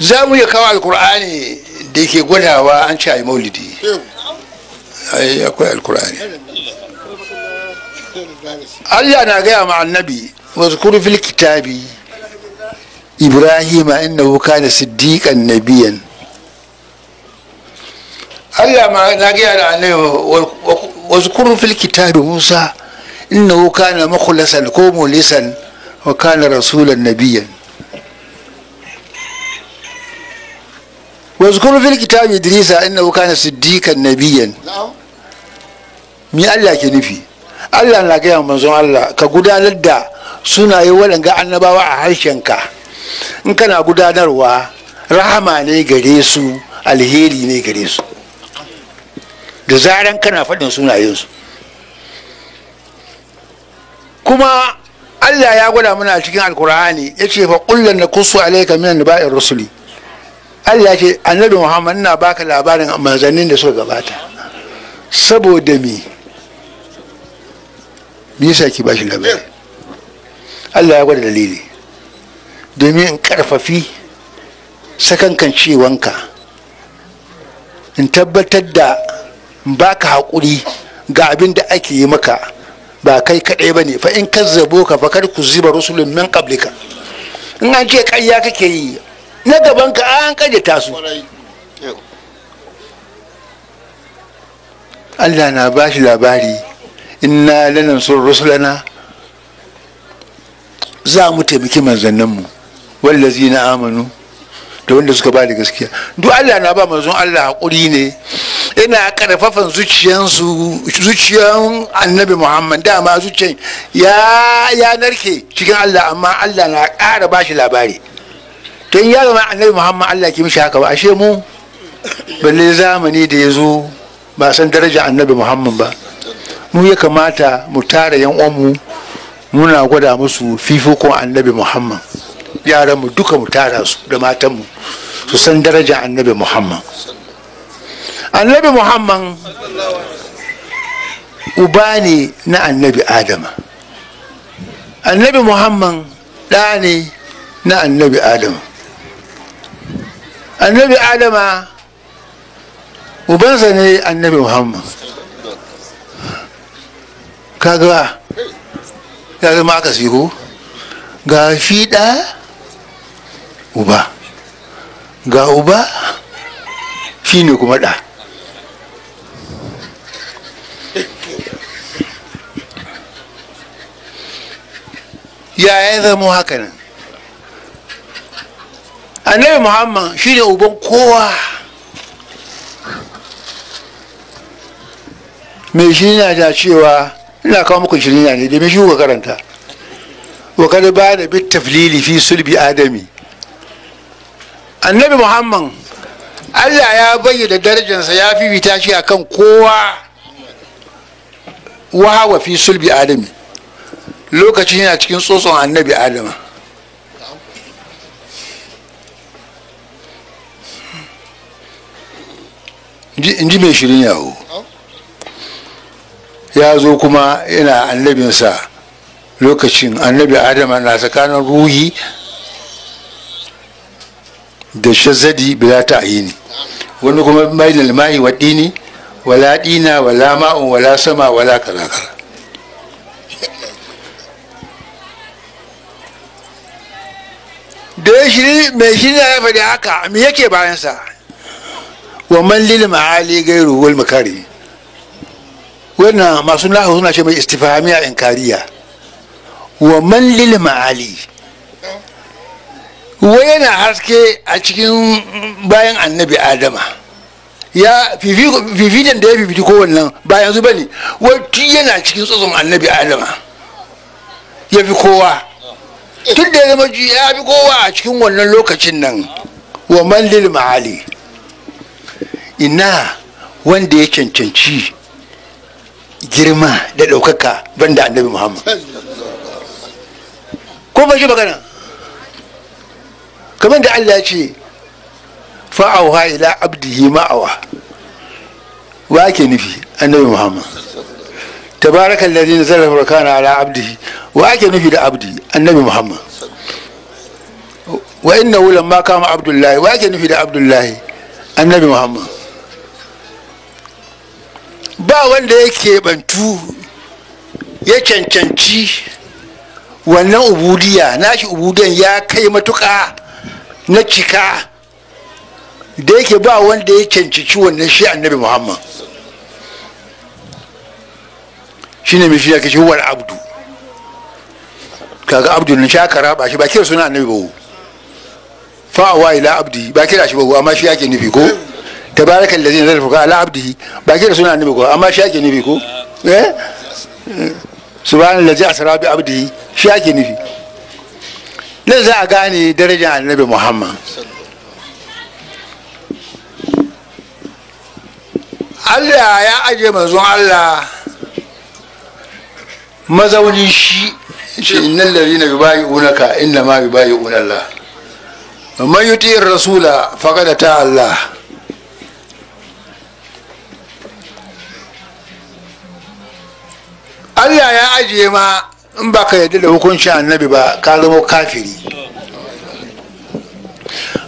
za mu iya kawo alkur'ani da ke gwadawa an ce a yi maulidi akwai alkur'ani allah na gaya ma annabi wasu wazkuru fil kitabi ibrahima innahu kana siddiqan nabiyan allah na gaya da annabi wazkuru fil kitabi musa wuka na makulasan ko mulisan wa kana rasulan nabiyan wa zukuru fil kitabi idrisa innahu kana siddiqan nabiyyan mi Allah ke nufi Allah na gaya manzon Allah ka gudanar da sunaye waɗanga annabawa a harshen ka, in kana gudanarwa rahama ne gare su alheri ne gare su da zaran kana faɗin su, kuma Allah ya gwada mana cikin alkur'ani ya ce fa kullum na kusu alaika minan ba'in rusuli Allah ya ce annabi Muhammad ina baka labarin manzannin da suka gabata saboda me me yasa ki bashi labari Allah ya gwada dalili domin in karfafi sakankan cewanka in tabbatar da baka haƙuri ga abin da ake yi maka ba kai kaɗai ba ne fa in kazzabo ka fa kar ku ziba rusulun min qablika in an ce ƙarya kake yi na gaban ka an karyata su Allah na ba shi labari inna lanan sun rusulana za mu taimaki manzanninmu wallazi na amanu da wanda suka ba da gaskiya duk Allah na ba manzon Allah hakuri ne ina karfafan zuciyansu zuciyan annabi Muhammad dama zuciyan ya ya narke cikin Allah amma Allah na ƙara bashi labari to in ya zama annabi muhammad allah ki mishi haka ba ashe mu balle zamani da ya zo ba san daraja annabi muhammad ba mu ya kamata mu tara yan uwanmu muna gwada musu fifikon annabi muhammad yaran mu duka mu tara su da matan mu su san daraja annabi muhammad annabi muhammad uba ne na annabi adama annabi muhammad ɗa ne na annabi adama annabi adama ubansa ne annabi muhammad kaga ya zama aka siho ga shi ɗa uba ga uba shi ne kuma ɗa ya ya zama haka nan annabi muhammad shi ne uban kowa mai shi na da cewa ina kawo muku shirina ne domin shi kuka karanta wa kada ba da bit taflili fi sulbi adami annabi muhammad allah ya bayyana darajarsa ya fi fifita shi kan kowa wahawa fi sulbi adami lokacin yana cikin tsotson annabi adama in ji mai shirin yawo ya zo kuma yana annabinsa lokacin annabi adama na tsakanin ruhi da shazadi bila ta ne. wani kuma mai lalmahi wa dini wala dina wala ma'un wala sama wala karakara da ya shiri mai shirya ya faɗi haka me yake bayansa wa man lil ma'ali gairu wal makari wannan masu nahu suna ce mai istifhamiya inkariya wa man lil ma'ali wai yana haske a cikin bayan annabi adama ya fifidan da ya fifiti kowannan bayan zuba ne wai yana cikin tsotson annabi adama ya fi kowa tun da ya zama ya fi kowa a cikin wannan lokacin nan wa man lil ma'ali ina wanda ya cancanci girma da ɗaukaka banda annabi muhammad ko ba shi magana kamar da allah ce fa'auha ila abdihi ma'awa wa ake nufi annabi muhammad tabarakan da na sarrafa rakana ala abdihi wa ake nufi da abdi annabi muhammad wa inna wulan ma kama abdullahi wa ake nufi da abdullahi annabi muhammad ba wanda ya keɓantu ya cancanci wannan ubudiya nashi ubudiyan ya kai matuƙa na cika da yake ba wanda ya cancanci wannan shi annabi muhammad shi ne mishi ya shi abdu kaga abdu nan shakara ba shi ba kira suna annabi ba fa'awa ila abdi ba kira shi ba amma shi yake nufi ko tabarakal ladhi nazala fuka ala abdihi ba kira suna annabi ko amma shi ake nufi ko eh subhanal ladhi asra bi abdihi ake nufi nan za a gane darajar annabi muhammad allah ya ajiye manzon allah mazaunin shi ce innan zina na bibayi unaka inna ma bibayi unallah man yuti rasula faqada ta allah Allah ya ajiye ma in ba ka yadda da hukuncin annabi ba ka zama kafiri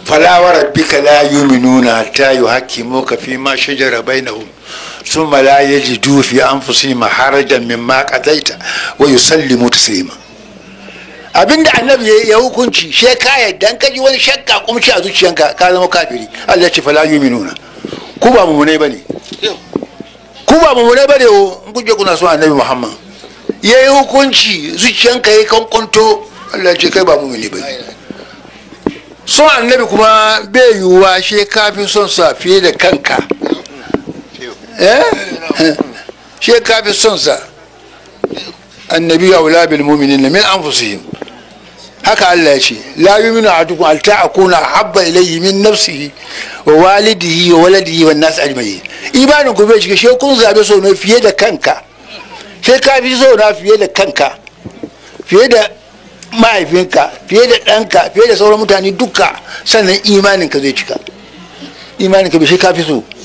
falawa rabbika la yuminuna ta yuhaqqimuka fi ma shajara bainahum thumma la an fi ma harajan mimma qadaita wa yusallimu ma. abinda annabi ya hukunci shi ka yadda ka ji wani shakka kumci a zuciyanka ka zama kafiri Allah ya ce fala yuminuna ku ba mu ne bane ku ba mu ne bane o in kuje kuna so annabi Muhammad ya yi hukunci zuciyanka ya kankanto allah ce kai ba mu mumini ba so annabi kuma bai yiwuwa shi fi son sa fiye da kanka eh? shi fi son sa annabi ya wula bil muminin na min anfusihim haka allah ya ce la yuminu ahadukum alta akuna habba ilayhi min nafsihi wa walidihi wa waladihi wan nas ajma'in imanin ku bai shiga shi kun zabe so ne fiye da kanka sai ka fi so fiye da kanka fiye da mahaifinka fiye da ɗanka fiye da sauran mutane duka sannan imaninka zai cika imaninka bai shi ka fi so